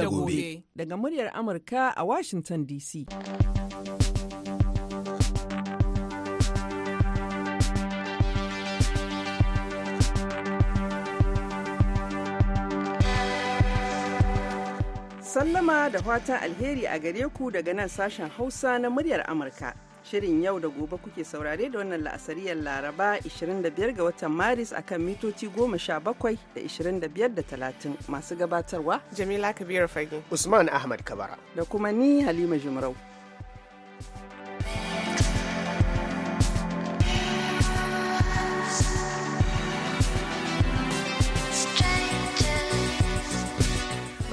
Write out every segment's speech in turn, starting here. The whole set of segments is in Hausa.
da gobe. Daga muryar Amurka a Washington DC. Sallama da fatan alheri a gare ku daga nan sashen Hausa na muryar Amurka. Shirin yau da gobe kuke saurare da wannan la'asariyar Laraba 25 ga watan Maris akan mitoci 17 da 25 da 30 masu gabatarwa. Jamila Kabiru Fage. Usman Ahmad Kabara. Da kuma ni Halima Jumrau.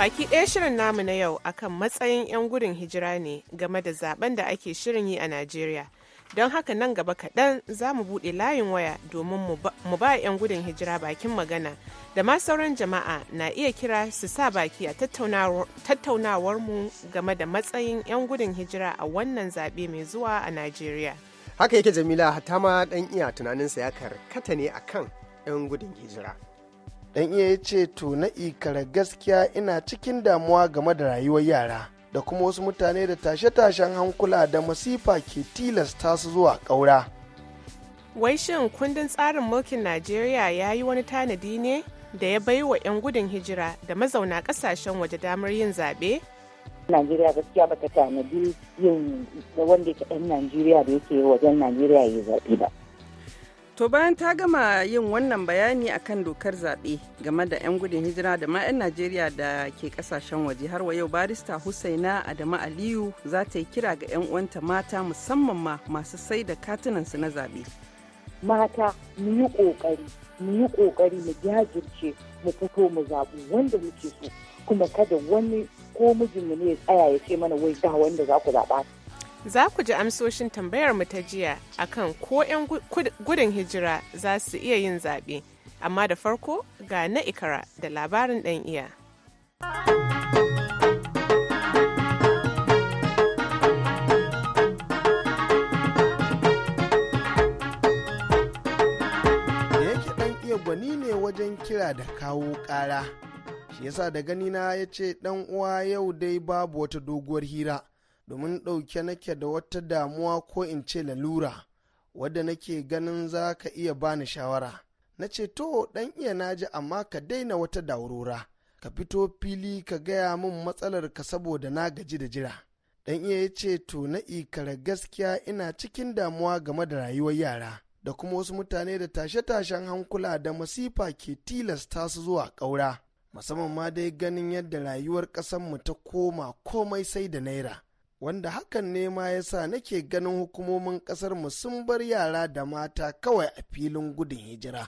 Baki ɗaya shirin namu na yau akan matsayin 'yan gudun hijira ne game da zaben da ake shirin yi a Najeriya. Don haka nan gaba kaɗan za mu buɗe layin waya domin mu ba 'yan gudun hijira bakin magana da ma sauran jama'a na iya kira su sa baki a tattaunawarmu game da matsayin 'yan gudun hijira a wannan zaɓe mai zuwa a Najeriya. Haka yake Jamila, hatama ma ɗan iya tunaninsa ya karkata ne akan 'yan gudun hijira. dan iya ya ce to na ikara gaskiya ina cikin damuwa game da rayuwar yara da kuma wasu mutane da tashe-tashen hankula da masifa ke tilasta su zuwa ƙaura. wai shin kundin tsarin mulkin najeriya ya yi wani tanadi ne da ya bai wa 'yan gudun hijira da mazauna kasashen waje damar yin zaɓe? Najeriya gaskiya bata tanadi yin wanda ke ɗan Najeriya da yake wajen Najeriya ya zaɓe ba. To bayan ta gama yin wannan bayani akan dokar zaɓe game da 'yan gudun hijira da ma 'yan Najeriya da ke ƙasashen waje har wa yau barista Husaina adama Aliyu za ta yi kira ga 'yan uwanta mata musamman ma masu sai da katunansu na zaɓe. Mata mu yi ƙoƙari, mu yi ƙoƙari mu jajirce mu fito mu zaɓu wanda muke so kuma kada wani ko mijinmu ne ya tsaya ya ce mana wai ga wanda za ku zaɓa Za ku ji amsoshin tambayar mu ta jiya akan ko 'yan gudun hijira za su iya yin zaɓe, amma da farko ga na ikara da labarin ɗan iya. gwani ne wajen kira da kawo ƙara shi yasa da ganina ya ce uwa yau dai babu wata doguwar hira domin ɗauke nake da wata damuwa ko in ce lalura wadda nake ganin za ka iya bani shawara na ce to ɗan iya naji amma ka daina wata daurora ka fito fili ka gaya min matsalar ka saboda na gaji da jira ɗan iya ya ce to na ikara gaskiya ina cikin damuwa game da rayuwar yara da kuma wasu mutane da tashe-tashen hankula da masifa ke tilasta su zuwa ƙaura musamman ma dai ganin yadda rayuwar ƙasanmu ta koma komai sai da naira wanda hakan ne ma ya sa nake ganin hukumomin kasar sun bar yara da mata kawai a filin gudun hijira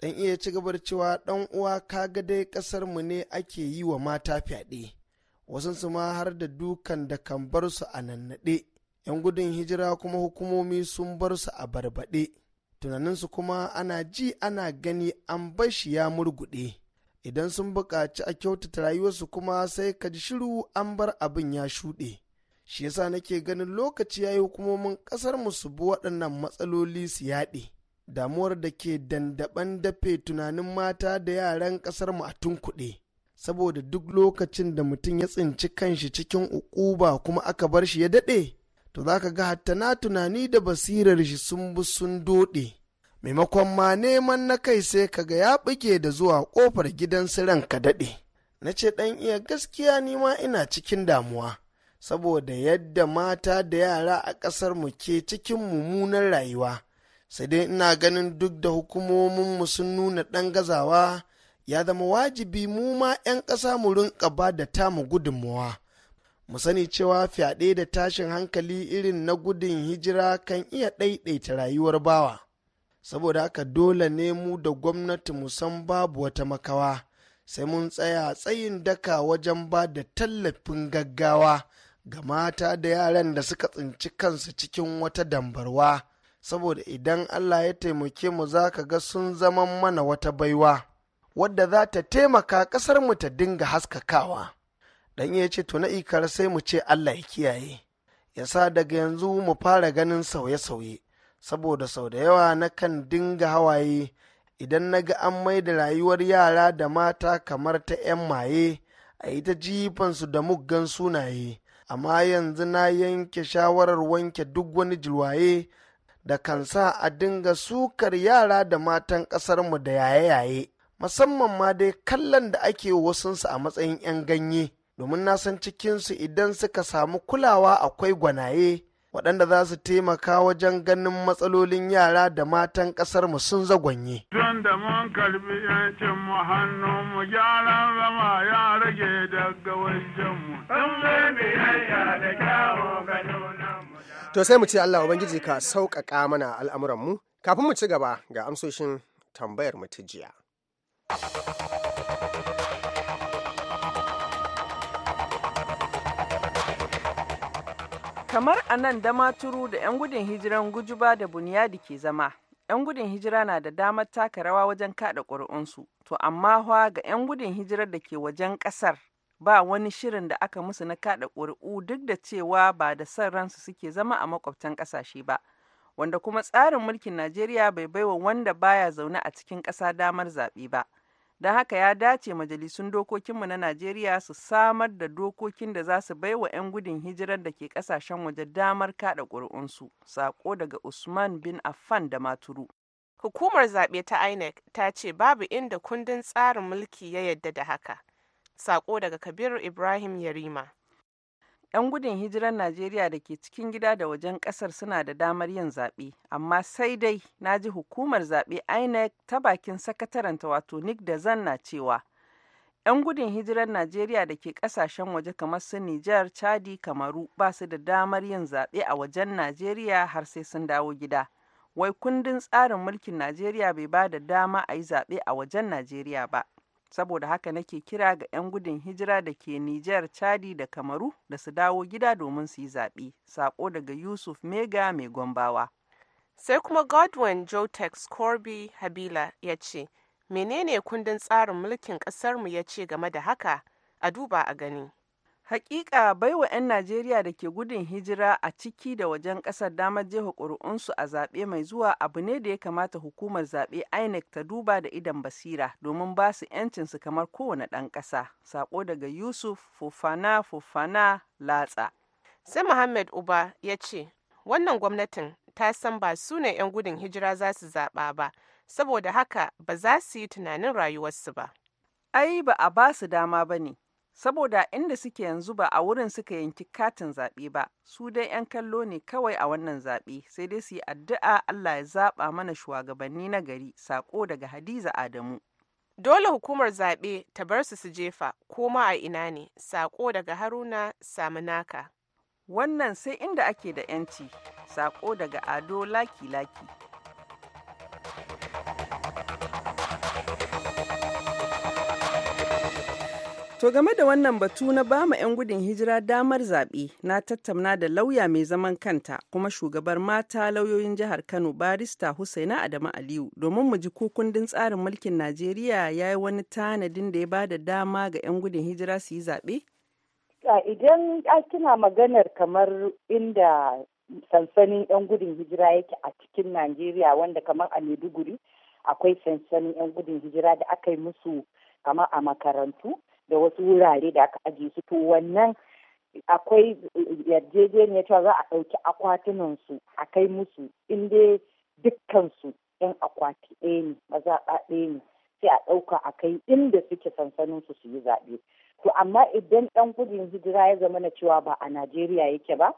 dan iya ci gabar cewa dan uwa kaga dai kasar mu ne ake yi wa mata fyaɗe wasu ma har da dukan da kan bar su a nannaɗe yan gudun hijira kuma hukumomi sun bar su a barbaɗe tunaninsu kuma ana ji ana gani an bashi ya murguɗe idan sun buƙaci a kyautata rayuwarsu kuma sai ka ji shiru an bar abin ya shuɗe shi yasa nake ganin lokaci ya yi hukumomin kasar mu su bi waɗannan matsaloli su yaɗe damuwar da ke dandaban dafe tunanin mata da yaran kasar mu a tunkuɗe saboda duk lokacin da mutum ya tsinci kanshi cikin ukuba kuma aka bar shi ya daɗe to za ka ga hattana tunani da basirar shi sun bi sun doɗe maimakon ma neman na kai sai ka ga ya buge da zuwa ƙofar gidan su ka daɗe na ce ɗan iya gaskiya nima ina cikin damuwa saboda yadda mata da yara a ƙasar mu ke cikin mummunan rayuwa sai dai ina ganin duk da hukumomin mu sun nuna ɗan gazawa ya zama wajibi mu ma 'yan ƙasa mu rinka ba da tamu gudunmuwa mu sani cewa fyaɗe da tashin hankali irin na gudun hijira kan iya ɗaiɗaita rayuwar bawa saboda haka dole ne mu da gwamnati mu san babu wata makawa sai mun tsaya tsayin daka wajen ba da tallafin gaggawa ga mata da yaran da suka tsinci kansu cikin wata dambarwa saboda idan Allah ya taimake mu za ka ga sun zama mana wata baiwa wadda za ta taimaka ƙasar mu ta dinga haskakawa dan ya ce to na ikar sai mu ce Allah ya kiyaye ya sa daga yanzu mu fara ganin sauye-sauye saboda sau da yawa na kan dinga hawaye idan na ga an mai da rayuwar yara da mata kamar ta 'yan maye a yi ta jifansu da muggan sunaye amma yanzu na yanke shawarar wanke duk wani jilwaye da kan sa a dinga sukar yara da matan ƙasarmu da yaye-yaye musamman ma dai kallon da ake wasunsu a matsayin 'yan ganye domin na san cikinsu idan suka samu kulawa akwai gwanaye waɗanda za su taimaka wajen ganin matsalolin yara da matan ƙasar mu sun zagwanye. don da mun karbi yancin mu hannu mu gyaran zama ya rage daga wajen mu. da kyawo ga To sai mu ce Allah Ubangiji ka sauƙaƙa mana al'amuran mu kafin mu ci gaba ga amsoshin tambayar mu ta jiya. kamar a nan damaturu da 'yan gudun hijiran gujuba da bunyadi ke zama 'yan gudun hijira na da damar taka rawa wajen kada ƙuri'unsu to amma hwa ga 'yan gudun hijirar da ke wajen ƙasar ba wani shirin da aka musu na kada ƙuri'u duk da cewa ba da son ransu suke zama a makwabtan ƙasashe ba wanda kuma tsarin mulkin najeriya bai baiwa wanda baya zaune a cikin ƙasa damar zaɓe ba. Don haka ya dace majalisun dokokinmu na Najeriya su samar da dokokin da za su baiwa 'yan gudun hijirar da ke kasashen waje damar kada ƙuri'unsu. Sako daga Usman bin Affan da Maturu. Hukumar zaɓe ta INEC ta ce babu inda kundin tsarin mulki ya yadda da haka. Sako daga Kabiru Ibrahim Yarima. 'Yan gudun hijirar Najeriya da ke cikin gida da wajen kasar suna da damar yin zaɓe, amma sai dai na ji hukumar zaɓe INEC ta bakin sakataranta wato Nick da na cewa 'yan gudun hijirar Najeriya da ke kasashen waje kamar su Nijar, Chadi, Kamaru ba su da damar yin zaɓe a wajen Najeriya har sai sun dawo gida. Wai kundin tsarin mulkin Najeriya bai ba da dama a yi zaɓe a wajen Najeriya ba. saboda haka nake kira ga 'yan gudun hijira da ke Nijar, Chadi da Kamaru da su dawo gida domin su yi zaɓe. Sako daga Yusuf Mega mai gombawa. Sai kuma Godwin Jotex Corby Habila ya ce, Menene kundin tsarin mulkin ƙasarmu ya ce game da haka? A duba a gani. Hakika baiwa 'yan Najeriya da ke gudun hijira a ciki da wajen kasar damar jefa ƙuri'unsu a zaɓe mai zuwa abu ne da ya kamata hukumar zaɓe INEC ta duba da idon basira domin ba su 'yancinsu kamar kowane ɗan ƙasa. Sako daga Yusuf fufana fufana Latsa. Sai Muhammad Uba ya ce, wannan gwamnatin ta san ba su ne 'yan gudun hijira za su zaɓa ba, saboda haka ba za su yi tunanin rayuwarsu ba. Ai ba a ba su dama ba ne. saboda inda suke yanzu ba a wurin suka yanki katin zaɓe ba su dai 'yan kallo ne kawai a wannan zaɓe sai dai su yi addu'a Allah ya zaɓa mana shugabanni na gari saƙo daga Hadiza Adamu. Dole hukumar zaɓe ta bar su su jefa ko ma a ina ne saƙo daga Haruna Samunaka. Wannan sai inda ake da 'yanci saƙo daga Ado Laki Laki. To game da wannan batu na bama 'yan gudun hijira damar zaɓe na tattauna da lauya mai zaman kanta kuma shugabar mata lauyoyin jihar Kano barista Husaina Adamu Aliyu domin mu ji ko kundin tsarin mulkin Najeriya ya yi wani tanadin da ya ba da dama ga 'yan gudun hijira su yi zaɓe? Idan kina maganar kamar inda sansanin 'yan gudun hijira yake a cikin Najeriya wanda kamar a Maiduguri akwai sansanin 'yan gudun hijira da aka yi musu kamar a makarantu. da wasu wurare da aka ajiye su to wannan akwai eh, eh, yarjejeniyar cewa za a ɗauki akwatunan su a kai musu inda dukkan su yan akwati ɗaya ne mazaɓa ɗaya ne sai a ɗauka a kai inda suke sansanin su su yi zaɓe to amma idan ɗan gudun hijira ya zama na cewa ba a najeriya yake ba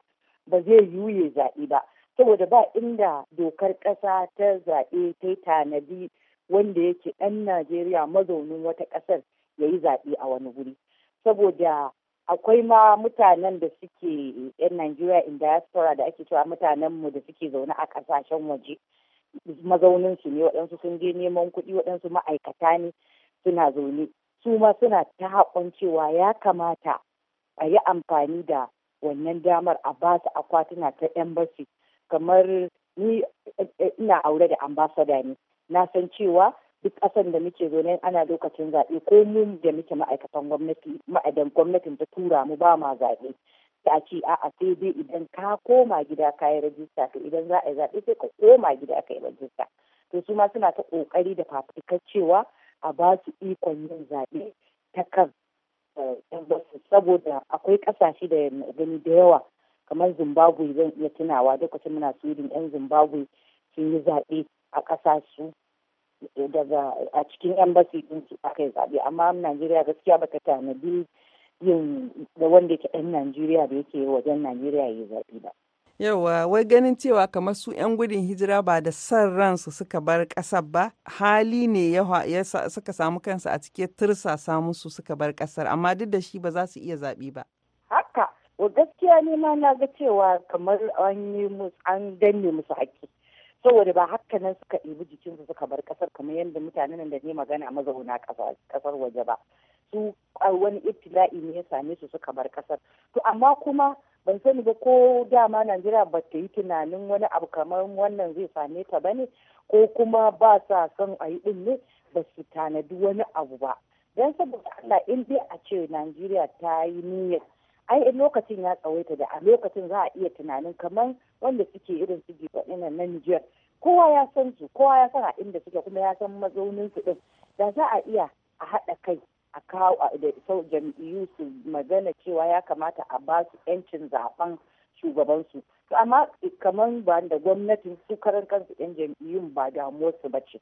ba zai yuye zaɓe ba saboda ba inda dokar ƙasa ta zaɓe ta yi tanadi wanda yake ɗan najeriya mazaunin wata ƙasar ya yi zaɓe a wani wuri saboda akwai ma mutanen da suke 'yan Najeriya in diaspora da ake cewa mutanenmu da suke zaune a ƙasashen waje mazauninsu ne waɗansu sun je neman kuɗi waɗansu ma'aikata ne suna zaune su ma suna ta haƙon cewa ya kamata a yi amfani da wannan damar a ba su akwatuna ta embassy kamar ni ina aure da ambasada ne na san cewa duk ƙasar da muke nan ana lokacin zaɓe ko mu da muke ma'aikatan gwamnati ma'aikatan gwamnatin ta tura mu ba ma zaɓe ta ce a'a sai dai idan ka koma gida ka yi rajista to idan za a yi zaɓe sai ka koma gida ka yi rajista to su ma suna ta ƙoƙari da fafutukar cewa a ba su ikon yin zaɓe ta kan eh, saboda akwai ƙasashe da gani da yawa kamar zimbabwe zan iya tunawa lokacin muna surin yan zimbabwe sun yi zaɓe a ƙasashe daga a cikin embassy din su aka yi zaɓe amma najeriya gaskiya bata tanadi yin da wanda yake ɗan najeriya da yake wajen najeriya yi zaɓe ba yauwa wai ganin cewa kamar su 'yan gudun hijira ba da son ransu suka bar kasar ba hali ne ya suka samu kansu a cikin tirsasa musu suka bar kasar amma duk da shi ba za su iya zaɓi ba haka wa gaskiya ne ma na ga cewa kamar an yi an danne musu haƙƙi saboda ba haka nan suka ɗibi jikinsu suka bar ƙasar kamar yadda mutanen da ne magana mazauna kasar waje ba su wani ibtila'i ne ya same su suka bar ƙasar to amma kuma ban sani ba ko dama najeriya ba ta yi tunanin wani abu kamar wannan zai same ta ba ne ko kuma ba sa son a yi ɗin ne ba su tanadi wani abu ba don saboda allah in dai a ce najeriya ta yi niyyar ai in lokacin ya tsawaita da a lokacin za a iya tunanin kamar wanda suke irin su gibaɗin na Nijar kowa ya san su kowa ya san a inda suke kuma ya san mazaunin su din da za a iya a haɗa kai a kawo da sau jam'iyyu su magana cewa ya kamata a ba su 'yancin zaben shugabansu to amma kamar ba da gwamnatin su karan kansu 'yan jam'iyyun ba damuwarsu ba ce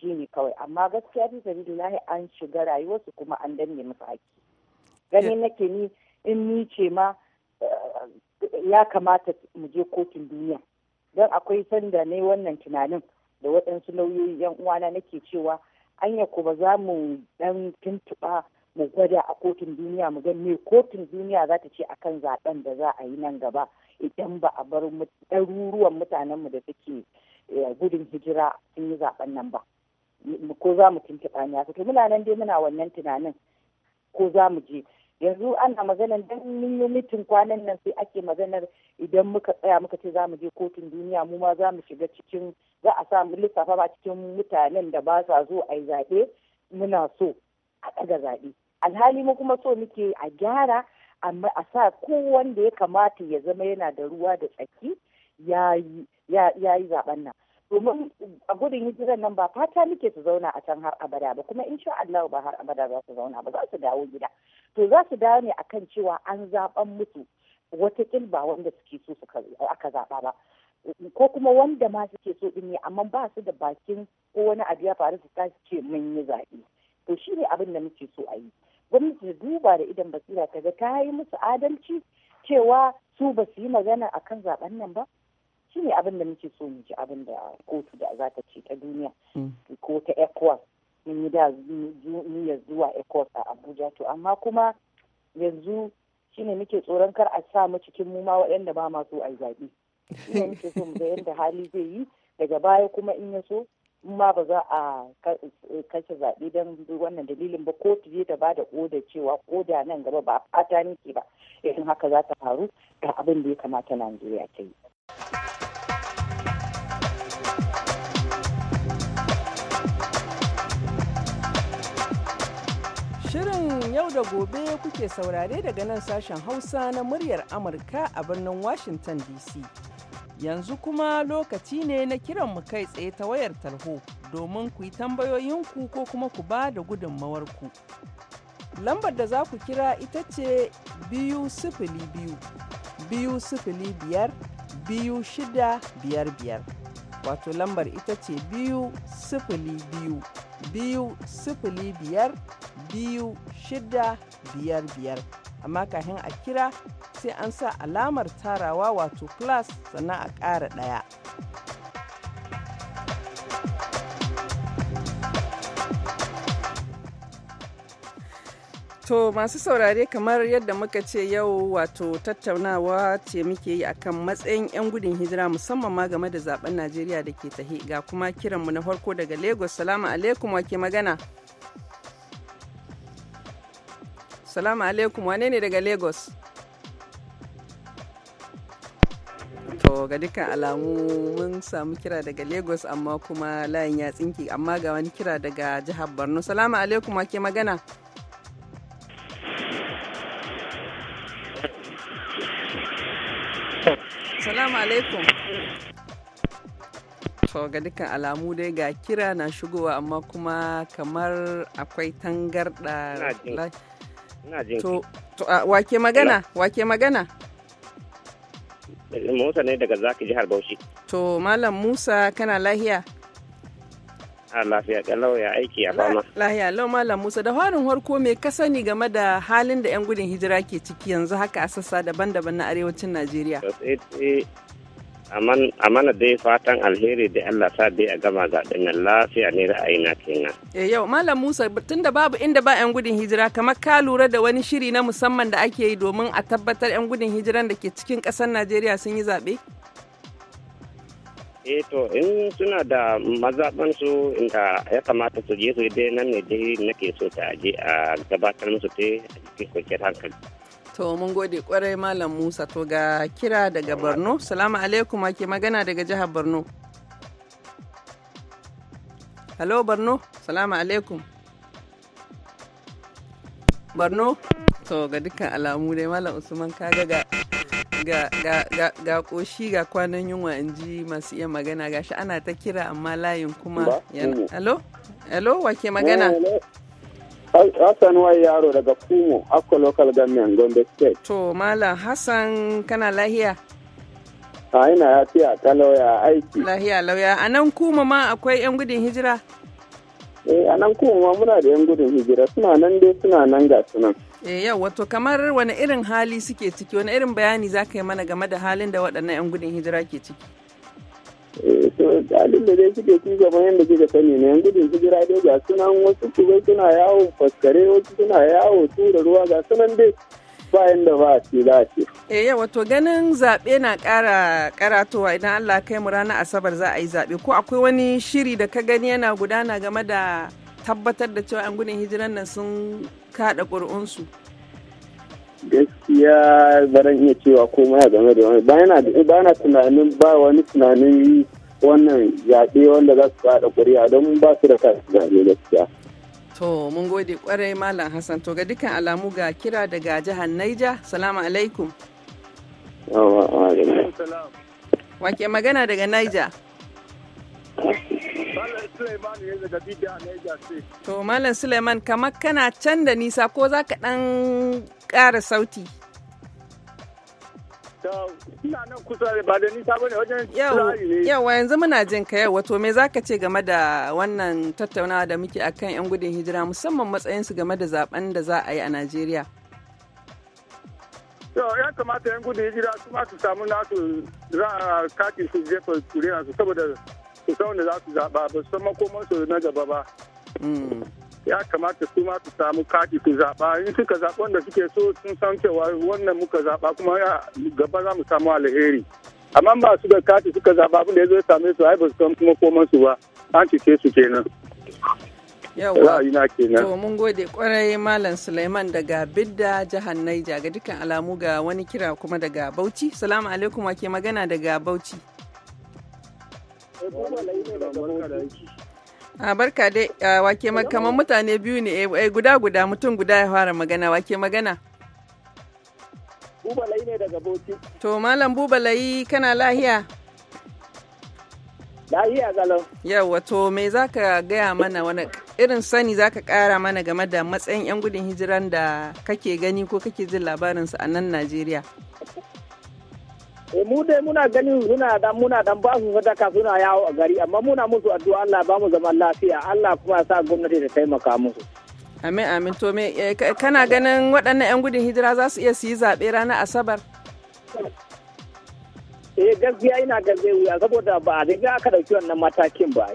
shi kawai amma gaskiya bisa billahi an shiga rayuwarsu kuma an danne musu haƙƙi gani eh. nake ni in ni ce ma eh, ya kamata mu je kotun duniya don akwai sanda ne wannan tunanin da waɗansu lauyoyi yan uwana nake cewa anya ko ba za mu dan tuntuɓa mu gwada a kotun duniya mu ga me kotun duniya za ta ce akan zaɓen da za a yi nan gaba idan ba a bar ɗaruruwan mu da suke eh, gudun hijira sun yi zaben nan ba ko za mu tuntuɓa ne to muna nan dai muna wannan tunanin ko za mu je yanzu ana maganar dan mun yi mitin kwanan nan sai ake maganar idan muka tsaya muka ce za mu je kotun duniya mu ma za mu shiga cikin za a sa lissafa ba cikin mutanen da ba sa zo a yi zaɓe muna so a ɗaga zaɓe alhali mu kuma so muke a gyara amma a sa kowanda ya kamata ya zama yana da ruwa da tsaki ya yi zaɓen nan domin a gudun hijiran nan ba fata muke su zauna a can har abada ba kuma in sha Allah ba har abada za su zauna ba za su dawo gida to za su dawo ne akan cewa an zaben musu wata ba wanda suke so aka zaba ba ko kuma wanda ma suke so din ne amma ba su da bakin ko wani abu ya faru su tashi ce mun yi zaɓe to shi ne abin da muke so a yi gwamnati da duba da idan basira ta ga ta yi musu adalci cewa su ba su yi magana akan zaben nan ba shi ne abin da muke so mu ji abin da kotu da za ta ce ta duniya mm. ko ta ecowas mun yi da niyyar zuwa ecowas a abuja to amma kuma yanzu shi ne muke tsoron kar a sa mu cikin mu ma waɗanda ba ma so a yi zaɓe shi ne muke so mu ga yadda hali zai yi daga baya kuma in ya so in ma ba za a eh, kashe zaɓe don wannan dalilin ba kotu zai ta ba da oda cewa oda nan gaba ba a fata nake ba irin haka za ta faru ga abin da ya kamata najeriya ta yi yau da gobe kuke saurare daga nan sashen Hausa na muryar Amurka a birnin Washington DC. Yanzu kuma lokaci ne na kiran mu kai tsaye ta wayar tarho domin ku yi tambayoyin ku ko kuma ku ba da ku Lambar da za ku kira ita ce biyu sifili biyu, biyu sifili biyar, biyu shida Wato lambar ita ce biyu sifili biyu. biyu sifili biyar biyu shida biyar biyar amma kafin a kira sai an sa alamar tarawa wato class sannan a ƙara ɗaya. To masu saurare kamar yadda muka ce yau wato tattaunawa ce muke yi akan matsayin 'yan gudun hijira musamman ma game da zaben Najeriya da ke tahi ga kuma kiranmu na farko daga Lagos. Salamu alaikum wake magana. Salamu alaikum wane ne daga Lagos? To ga dukkan alamu mun samu kira daga Lagos amma kuma layin ya tsinki amma ga wani kira daga jihar Borno. Salamu alaikum wake magana. magana. Assalamu alaikum. To ga dukkan alamu dai ga kira na shigowa amma kuma kamar akwai tangarda. To, to wake magana? Wake magana? Musa ne daga zaki jihar Bauchi. To, Malam Musa kana lahiya? A lafiya kalau ya aiki a fama. Lahiya lau Malam Musa da farin harko me ka sani game da halin da 'yan gudun hijira ke ciki yanzu haka a sassa daban-daban na arewacin Najeriya. Eh, eh, a mana dai fatan alheri da Allah sa dai a gama ga nan lafiya ne ra'ayina kenan. E yau Malam Musa tun da babu inda ba 'yan gudun hijira kamar ka lura da wani shiri na musamman da ake yi domin a tabbatar 'yan gudun hijiran da ke cikin ƙasar Najeriya sun yi zaɓe? eh to in suna da mazaɓansu inda ya kamata su je su dai nan ne dai nake so ta je a gabatar musu te a cikin kwanciyar hankali. To mun gode kwarai Malam Musa to ga kira daga Borno. Salamu alaikum ake magana daga jihar Borno. Hello Borno, salamu alaikum. Borno, to ga dukkan alamu dai Malam Usman kaga ga ga koshi ga kwanan yunwa in ji masu iya magana gashi ana ta kira amma layin kuma yana alo alo wake magana eh, Hassan wai yaro daga Kumo, akwai Local Government, Gombe State. To, Malam Hassan kana lahiya? A ina fiya ta lauya aiki. Lahiya lauya, a nan kuma ma akwai 'yan gudun hijira? Eh, a nan kuma ma muna da 'yan gudun hijira, suna nan dai suna nan ga su nan. Eh, yau wato kamar wani irin hali suke ciki wani irin bayani za ka yi mana game da halin da waɗannan 'yan gudun hijira ke ciki eh, halin da dai suke ci gaban yadda da sani ne yan gudun hijira dai ga sunan wasu kubai suna yawo faskare wasu suna yawo tura ruwa ga sunan dai ba yadda ba a ce za a ce. E, eh, yau wato ganin zaɓe na ƙara karatowa idan Allah kai mu ranar Asabar za a yi zaɓe ko akwai wani shiri da ka gani yana gudana game da tabbatar da cewa yan gudun hijiran nan sun kada ƙuri'unsu? gaskiya baran iya cewa komai a game da wani ba na tunanin ba wani tunanin wannan yaɗe wanda za su kada ƙuri'a don ba su da kaɗa zaɓe gaskiya. To mun gode kwarai Malam Hassan to ga dukkan alamu ga kira daga jihar Naija. Salamu alaikum. Wake magana daga Naija. Suleiman ya daga Niger State. To Malam Suleiman kamar kana can da nisa ko za ka ɗan ƙara sauti? Ina nan kusa ba da nisa ba ne wajen Yawa yanzu muna jin ka yau wato me za ka ce game da wannan tattaunawa da muke akan 'yan gudun hijira musamman matsayinsu game da zaben da za a yi a Najeriya? ya kamata 'yan gudun hijira su ma su samu nasu za katin su jefa su saboda su sa wanda za su zaɓa ba su san makoman su na gaba ba. Hmm. Ya kamata su ma su samu kati su zaɓa in suka zaɓi wanda suke so sun san cewa wannan muka zaɓa kuma gaba za mu samu alheri. Amma ba su da kati suka zaɓa abin da ya zo ya same su ai ba su san kuma koman su ba an cike su kenan. Yawwa, to mun gode kwarai malam suleiman daga bidda jihar naija ga dukkan alamu ga wani kira kuma daga bauchi salamu alaikum wake magana daga bauchi A barka dai wake kamar mutane biyu ne eh, eh, guda guda mutum guda ya fara magana wake magana. Bubalayi ne daga Bauchi. To Malam Bubalayi kana lahiya? Lahiya galau. Yawwa to me za ka gaya mana wani irin sani za ka kara mana game da matsayin 'yan gudun hijiran da kake gani ko kake jin labarinsu a nan Najeriya? eh mu dai muna ganin suna dan muna dan ba su sadaka suna yawo a gari amma muna musu addu'a Allah ba mu zaman lafiya Allah kuma sa gwamnati ta taimaka musu amin amin to me eh, kana ganin waɗannan 'yan gudun hijira za su iya su yi zaɓe ranar asabar eh gaskiya ina gaske wuya saboda ba a riga aka dauki wannan matakin ba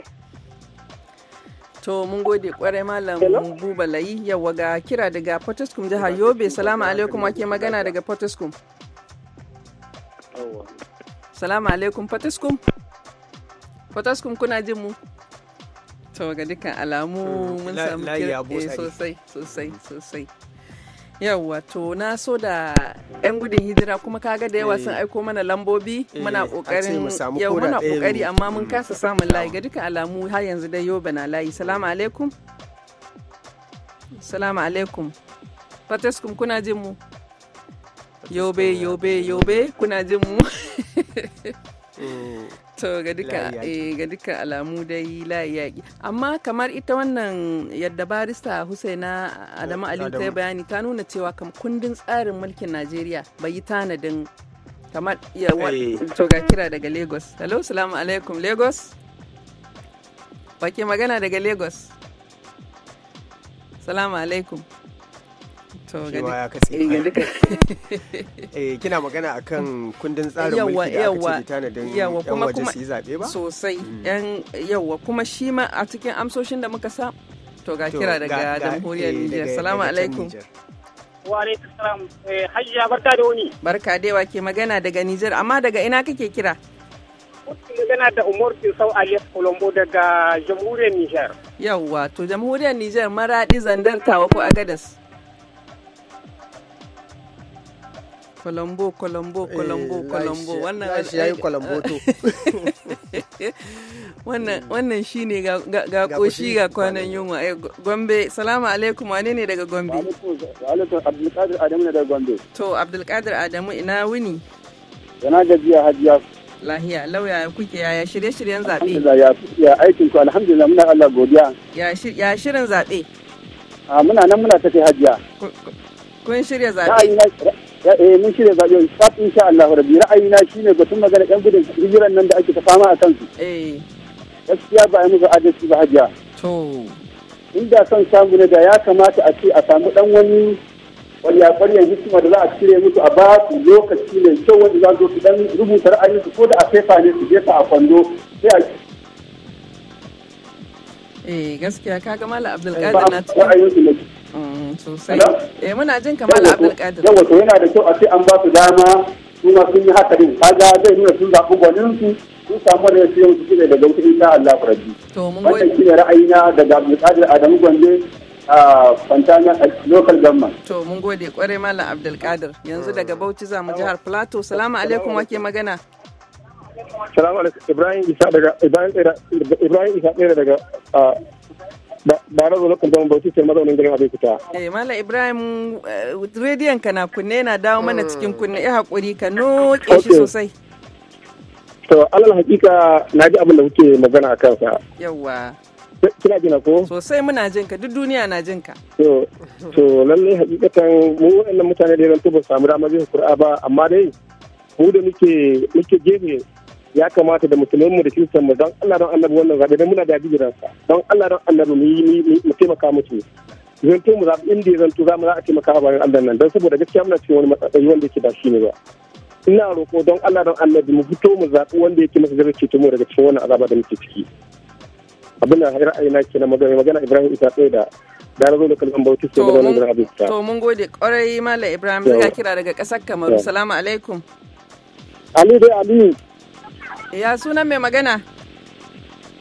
To mun gode kwarai malam Buba Layi yawa ga kira daga Potiskum jihar Yobe. Salamu alaikum wake magana daga Potoskum. Salamu alaikum Fataskum. Fataskum kuna jin mu? To ga dukkan alamu hmm, mun samu eh, sosai sosai sosai. Yawwa to na so da 'yan gudun hijira kuma kaga da yawa sun eh. aiko mana lambobi eh, muna kokarin yau muna kokari amma mun kasa samun layi ga dukkan alamu har yanzu dai yau bana layi. Salamu alaikum. Salamu alaikum. Fataskum kuna jin mu? yobe yobe yobe kuna jin mu mm. to eh, ga duka alamu dai layi yaki amma kamar ita wannan yadda barista husaina adamu ali ta bayani ta nuna cewa kam kundin tsarin mulkin najeriya bai yi tanadin kamar eh. to ga kira daga lagos hello salamu alaikum lagos wake magana daga lagos salamu alaikum Eh, eh, kina magana akan kundin tsarin mulki da aka ce tanadin yan waje su yi zaɓe ba? Sosai, mm. yawa kuma shi ma a cikin amsoshin da muka sa, to ga kira daga jamhuriyar eh, Nijar. Salamu alaikum. Wa alaikum salam. Hajiya barka da wani. Barka da yawa ke magana daga Nijar, amma daga ina kake kira? magana da Umar Sau alias Colombo daga jamhuriyar Nijar. Yawwa, to jamhuriyar Nijar maraɗi zandar tawa ko Agadas. Colombo, Colombo, eh, Colombo, Colombo. Wannan shi yayi eh, Colombo eh. to. Wannan shi ne ga koshi ga kwanan yunwa. Gombe, salamu alaikum wane ne daga Gombe? Alaikum Abdulkadir Adamu ne daga Gombe. To Abdulkadir Adamu ina wuni? Yana gajiya hajiya. Lahiya, lauya kuke yaya shirye-shiryen zaɓe? Ya aikin ku alhamdulillah muna Allah godiya. Ya shirin zaɓe? Ah, muna nan muna ta kai hajiya. Kun shirya zaɓe? eh mun shirya zaɓe in insha Allah rabbi ra'ayina shine batun magana yan gudun hijiran nan da ake ta fama a kansu eh gaskiya ba a musu adalci ba hajiya to inda son samu ne da ya kamata a ce a samu dan wani wanda kwaryan hikima da za a cire musu a ba su lokaci mai kyau wanda za su dan rubuta ra'ayinsu ko da a fefa ne su jefa a kwando sai a eh gaskiya kaga mala abdulkadir na cikin Mm, sosai eh muna jin kamar abdulkadir yawa to yana da kyau a ce an ba su dama suna sun yi haka din kaga zai nuna sun zaɓi gwanin su sun samu wani yasi yau suke daga wuta insha Allah rabbi wannan shi ne ra'ayina daga abdulkadir adamu gwande a fantana a local government to mun gode kwarai malam abdulkadir yanzu daga bauchi za mu jihar plateau salamu alaikum wake magana salamu alaikum ibrahim isa daga ibrahim isa daga ba da rabu kuma zaman bauchi ce mazaunin garin abin fita. Eh Mala Ibrahim eh, rediyon ka na kunne na dawo mana cikin kunne ya haƙuri ka noƙe shi sosai. To alal hakika na ji abin da kuke magana a kansa. Yawwa. Kina jina ko? Sosai muna jin ka duk duniya na jin ka. To to lallai hakikatan mu waɗannan mutane da yanzu ba samu damar yin Kur'a ba amma dai mu da muke muke gefe ya kamata da musulmin mu da kristan mu don Allah don annabi wannan zabe dan muna da bijiran sa don Allah don Allah mu yi mu taimaka musu zanto mu zabi inda zanto za mu za a taimaka bayan Allah nan don saboda gaskiya muna cikin wani matsayi wanda yake ba shi ne ba ina roko don Allah don Allah mu fito mu zabi wanda yake masa zarrace mu daga cikin wannan azaba da muke ciki abin da ra'ayina kenan magana magana Ibrahim Isa tsaye da da zo da kalman bauti sai da wannan abin to mun gode kwarai Malam Ibrahim ga kira daga kasar Kamaru salamu alaikum Ali dai Ali Ya sunan mai magana?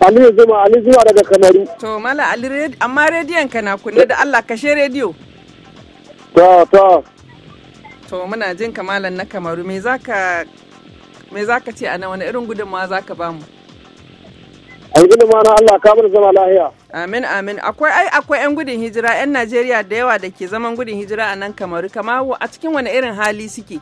Aliyu Zuma, Ali Zuma daga Kamaru. To, Mala Ali, amma rediyon ka na kunne da Allah kashe rediyo. Ta, ta. To, muna jin kamalan na Kamaru, me za ka me zaka ce a wani irin gudunmawa za ka bamu? Ai ma na Allah kamar zama lahiya. Amin amin akwai ai akwai yan gudun hijira yan Najeriya da yawa da ke zaman gudun hijira a nan Kamaru kama a cikin wani irin hali suke?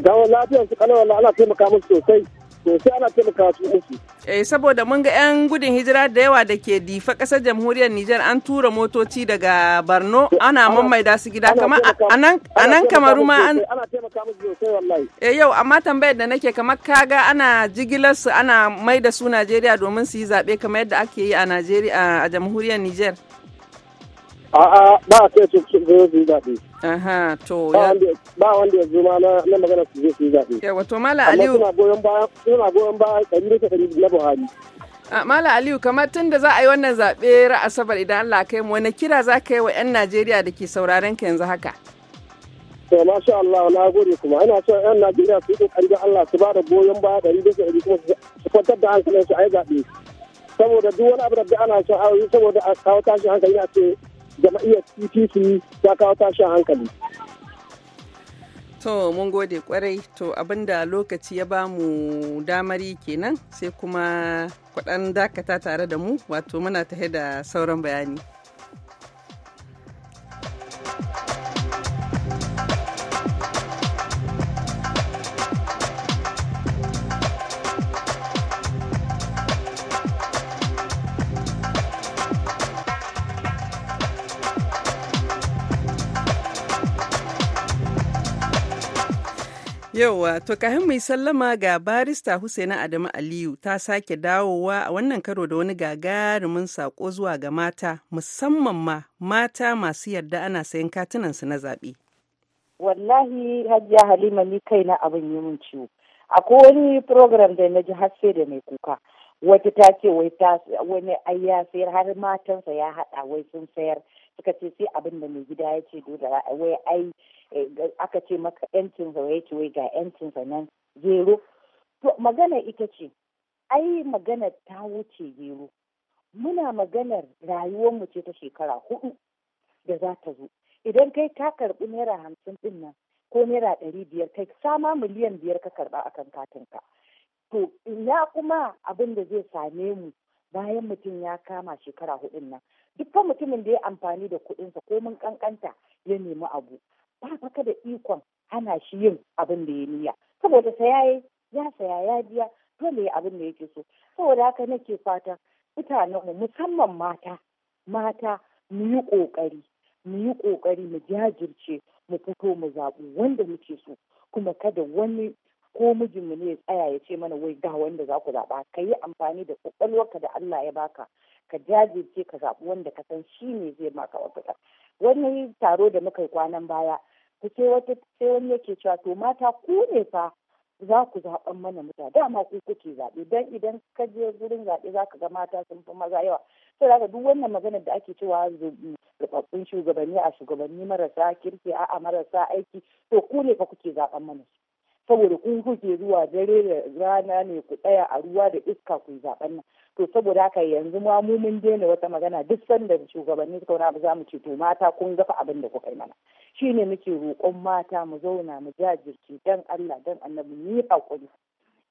gawa lafiyar su ana taimaka musu sosai. sosai ana taimaka su musu. Eh saboda mun ga 'yan gudun hijira da yawa da ke difa ƙasar jamhuriyar Nijar an tura motoci daga Borno eh, ana da su gida kama a nan kamaru ma an ana taimaka musu sosai wallahi. Eh yau amma tambayar da nake kamar kaga ana jigilar su ana maida su Najeriya domin su yi zaɓe kamar yadda ake yi a Najeriya a jamhuriyar Nijar. A'a ba a kai su zo su zaɓe. Aha to ya. Ba wanda ya zuma ma na magana su zo su zaɓe. Yawa to Mala Aliyu. Amma suna goyon baya suna goyon baya ɗari bisa ɗari na Buhari. Mala Aliyu kamar tun da za a yi wannan zaɓe ra'asabar idan Allah kai mu wani kira za ka yi wa 'yan Najeriya da ke sauraron ka yanzu haka? To masha Allah na gode kuma ina so 'yan Najeriya su yi kokari da Allah su ba da goyon baya ɗari bisa ɗari kuma su kwantar da hankalin su a yi zaɓe. Saboda duk wani abu da ana so a yi saboda a kawo tashin hankali a ce jama'iyyar TTC ta kawo tashin hankali. To mun gode kwarai to abinda lokaci ya bamu damari kenan sai kuma kwaɗan dakata tare da mu wato muna tahe da sauran bayani. Yauwa, to ka mai sallama ga barista Hussaini Adamu Aliyu ta sake dawowa a wannan karo da wani gagarumin sako zuwa ga mata, musamman ma mata masu yarda ana sayan katunansu na zaɓe. Wallahi hajiya Halima ni kai na abin yi min ciwo. Akwai wani program da na ji haske da mai kuka. wata ta ce wai ta wani ai ya sayar har matansa ya haɗa wai sun sayar suka ce sai abin da mai gida ya ce dole wai ai eh, aka ce maka yancinsa wai ce wai ga yancinsa nan gero to magana ita ce ai magana ta wuce gero muna maganar mu ce ta shekara hudu da za ta zo idan kai ka karbi naira hamsin din nan ko naira ɗari biyar kai sama miliyan biyar ka karba akan katinka to ina kuma abin da zai same mu bayan mutum ya kama shekara hudun nan duk dukkan mutumin da ya amfani da kuɗinsa ko mun kankanta ya nemi abu ba baka da ikon ana shi yin abin da ya niyya saboda saya ya ya saya ya biya dole ya abin da yake so saboda haka nake fata mu musamman mata mata mu yi ƙoƙari mu yi ƙoƙari mu jajirce mu fito mu zaɓi wanda muke so kuma kada wani ko mijinmu ne ya tsaya ya ce mana wai ga wanda za ku zaɓa ka yi amfani da kwakwalwarka da Allah ya baka ka jajirce ka zaɓi wanda ka san shi ne zai maka mafita wani taro da muka yi kwanan baya sai wata sai wani yake cewa to mata ku ne fa za ku zaɓan mana mutane dama ku kuke zaɓe don idan ka je gurin zaɓe za ka ga mata sun fi maza yawa sai za ka duk wannan maganar da ake cewa mm, rubabbun shugabanni a shugabanni marasa kirki a'a marasa aiki to ku ne fa kuke zaɓen mana su saboda ku kuke zuwa dare da rana ne ku tsaya a ruwa da iska ku zaben nan to saboda haka yanzu ma mu mun daina wata magana duk sanda shugabanni suka wani za mu ce to mata kun gafa abin da kuka yi mana shine muke roƙon mata mu zauna mu jajirce dan Allah dan annabi mu yi hakuri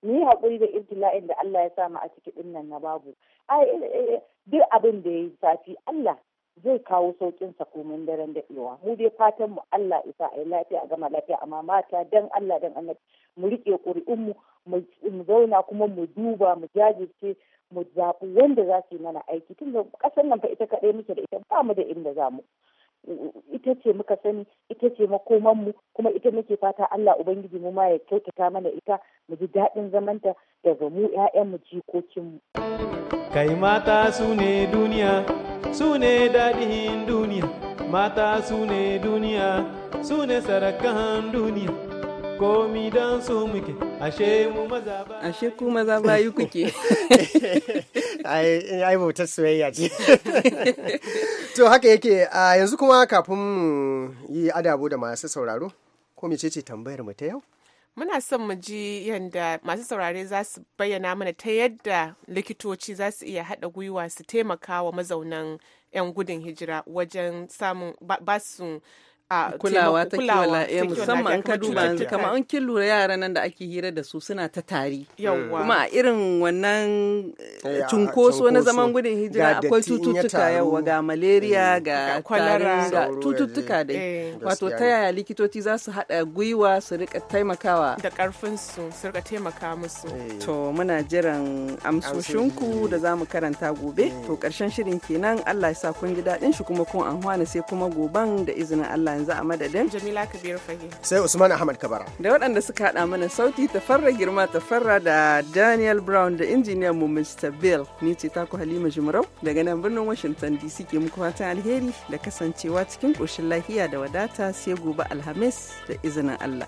ni haƙuri da ibtila'in da Allah ya samu a ciki na babu ai eh, eh, eh, duk abin da ya yi safi Allah zai kawo saukin sa komin daren daɗewa mu dai fatan mu Allah isa ayi lafiya agama gama lafiya amma mata dan Allah dan Allah mu rike ƙuri'un mu mu zauna kuma mu duba mu jajirce mu zaɓi wanda za su yi mana aiki tun da ƙasar nan fa ita kaɗai muke da ita ba mu da inda za mu ita ce muka sani ita ce mu kuma ita muke fata Allah Ubangiji mu ma ya kyautata mana ita mu ji daɗin zamanta daga mu mu 'ya'yanmu mu Kai mata su ne duniya Sune ne daɗin duniya mata su duniya Sune ne sarakan duniya komi don su muke ashe mu maza ba ashe ku maza ba yi kuke ai bauta soyayya ce to haka yake a yanzu kuma kafin yi adabo da masu sauraro ko mece ce tambayar mu ta yau Muna son mu ji yadda masu saurare za su bayyana mana ta yadda likitoci za su iya haɗa gwiwa su taimaka wa mazaunan 'yan gudun hijira wajen samun ba su a kulawa ta kiwala ya musamman ka duba yanzu an kin lura yaran nan da ake hira da su suna ta tari kuma a irin wannan eh, cunkoso na zaman gudun hijira akwai cututtuka yawa ga malaria mm. ga kwalara ga cututtuka dai eh. wato ta yaya likitoci za su haɗa gwiwa su rika taimakawa da karfin su su rika taimaka musu eh. to muna jiran amsoshinku da za mu karanta gobe to karshen shirin kenan Allah ya sa kun ji daɗin shi kuma kun an sai kuma goban da izinin Allah yanzu a madadin Jamila Kabir Fage. Sai Usman Ahmad Kabara. Da waɗanda suka haɗa mana sauti tafarra girma tafarra da Daniel Brown da injiniyan mu Mr. Bill. Ni ce taku Halima Jumarau daga nan birnin Washington DC ke muku fatan alheri da kasancewa cikin ƙoshin lafiya da wadata sai gobe Alhamis da izinin Allah.